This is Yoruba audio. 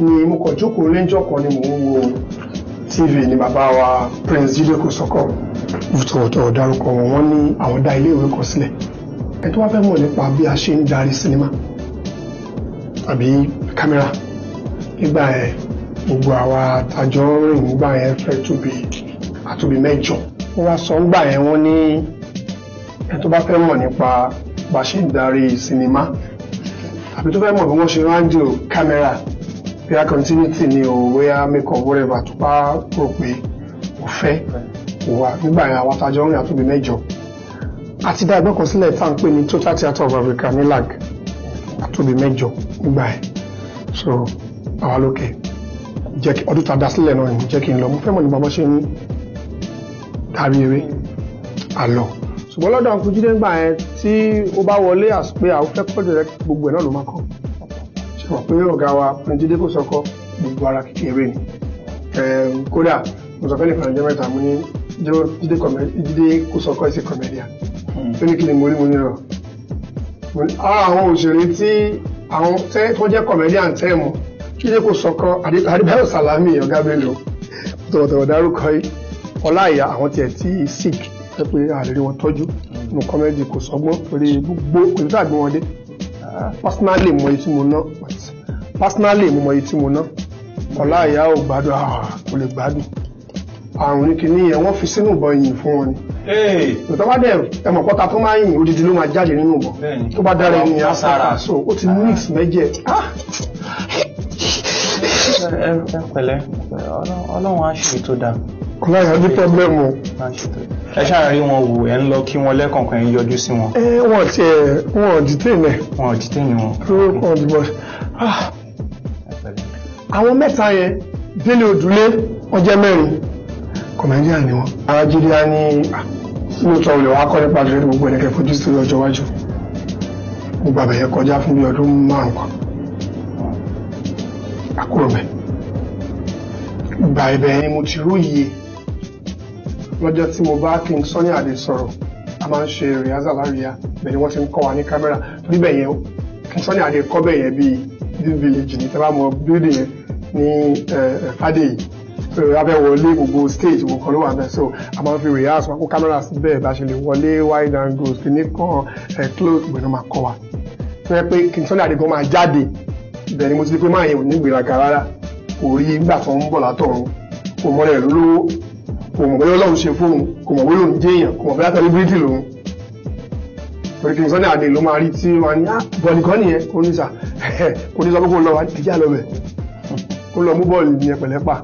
ni mo kàn jókòó lẹ́jọ́ kan ni mò ń wo tv ni bàbá wa prince jíde kò sọ́kọ̀ tọ̀tọ̀ dárúkọ wọn wọ́n ní àwọn dá iléèwé kan sílẹ̀ ẹ tó wá fẹ́ mọ̀ nípa bí a ṣe ń darí sinimá àbí kámẹ́rà nígbà yẹn gbogbo àwa àtàjọ rìn nígbà yẹn fẹ́ tóbi àtòbí mẹ́jọ wọ́n wá sọ nígbà yẹn wọ́n ní ẹ tó bá fẹ́ mọ̀ nípa bá a ṣe ń darí sinimá àbí tó fẹ́ mọ̀ bí wọ́n ṣe rán dìrò kámẹ́rà bóyá continuity ni o bóyá make up whatever To bá rò pé o fẹ́ o wà nígbà yẹn àwọn àtàjọ rìn àtúbí mẹ́jọ àti dá ẹgbẹ́ kan sílẹ̀ tá à ń pè ní total theatre of Africa ní lag àtúbí mẹ́jọ nígbà yẹn so àwa lókè jẹ́ kí ọdún tá a dá sílẹ̀ náà jẹ́ kí n lọ mo fẹ́ mọ̀ nípa bó ṣe ń darí eré àlọ́ ṣùgbọ́n lọ́dọ̀ àwọn kojú dé ńgbà yẹn tí ó bá wọlé àsùpé àwọn fẹ́ kọ́ direct gbogbo ẹ̀ náà ló máa kọ́ mọ̀ pé ọ̀gá wa Jídé Kòsọ́kọ́ gbogbo ara kékeré ni kódà mo sọ fẹ́lẹ̀ fẹ́lẹ̀ mẹ́ta mo ní Jídé Kòsọ́kọ́ ẹ̀sìn kọ̀mẹ́díà hmm. ó ní kí ni mo rí mo ní rọ̀ ah, àwọn òṣèré tí àwọn tó jẹ́ kọ̀mẹ́díà ń tẹ́ mọ̀ Jídé Kòsọ́kọ́ Adébáyọ̀ Sàlámì ọ̀gá Bello tọ̀wọ̀tọ̀wọ̀ dárúkọ yìí ọláìyá àwọn tiẹ̀ tí sick ẹ pé àlè wọn tọ́jú nù kọ́mẹ́dì kò sọ́gbọ́n torí gbogbo òṣèré tàbí wọn dé personally mo iye tí mo ná personally mo mọ iye tí mo ná ọ̀la ìyá ò gbádùn ah, kò lè gbádùn àrùn ní kinní yẹn wọ́n fi sínú ìbọn yìí fún wọn ni. tó bá dẹ̀ ẹ̀mọ̀ pọ́ta tó máa ń yìn odidi ló máa jáde nínú ìbọn tó bá dára ẹni yẹn á sára ah, so ó ti mix mẹ́jẹ̀. Ah! ẹ pẹ̀lẹ́ Ọlọ́run á ṣe ètò dáa láyà ní pọ́blẹ́mù. ẹ ṣáà rí wọn wò ẹ ń lọ kí wọn lẹ́kọ̀ọ̀kan ẹ yọjú sí wọn. ẹ eh, wọn ti ẹ wọn ò detain ẹ. wọn ò detain wọn. wọn ò dìbò àwọn mẹ́ta yẹn délé òdúlé ọjọ́ mẹ́rin kọ̀mẹ́díà ni wọn. arájíríà ní ah, lóòótọ́ olè wa kọ́ nípa àgbẹ̀rẹ̀ gbogbo ẹ̀rẹ̀kẹ́ fojú sí ọjọ́ iwájú gbogbo àbẹ̀yẹ kọjá fún bí ọdún márùn kan àkúrò bẹ́ẹ̀ gbà ẹ̀bẹ̀ ni mo ti róye lọ́jọ́ tí mo bá King Sunny Adé sọ̀rọ̀ a máa ń ṣe rìhásà láríyá bẹ́ẹ̀ ni wọ́n ti ń kọ́ wa ní kámẹ́rà torí bẹ́ẹ̀ yẹn King Sunny Adé kọ́ bẹ́ẹ̀ yẹn bíi this village ní tẹ́lá mọ building yẹn ní fàdé yìí so abẹ́ wọlé gbogbo stage gbogbo kan ló wà bẹ́ẹ̀ so a máa ń fi rìhásà wọn kó kámẹ́rà bẹ́ẹ̀ bá ṣe lè wọlé wide angles kìíní kan close gbẹ̀nu máa kọ́ wa tó yẹ pé King Sunny Adé gan máa jáde bẹ́ẹ̀ ni mo ti di pé máa yẹn ò ní gbéraga kò rí nígbà tó ń bọ̀ látọ̀run kò mọ́lẹ̀ kò mọ̀ bóyá ọlọ́run ṣe fóun kò mọ̀ bóyá òun jẹ́yàn kò mọ̀ bóyá tẹlifíríìtì lòun pẹ̀lú sọ́ni àdè ló máa rí tí wọ́n ní ah, bọ́ọ̀lù kan nìyẹn kò ní sà kò ní sọ pé kò lọ wá dìjà lọ bẹ̀ kò lọ mú bọ́ọ̀lù yẹn pẹ̀lẹ́pà.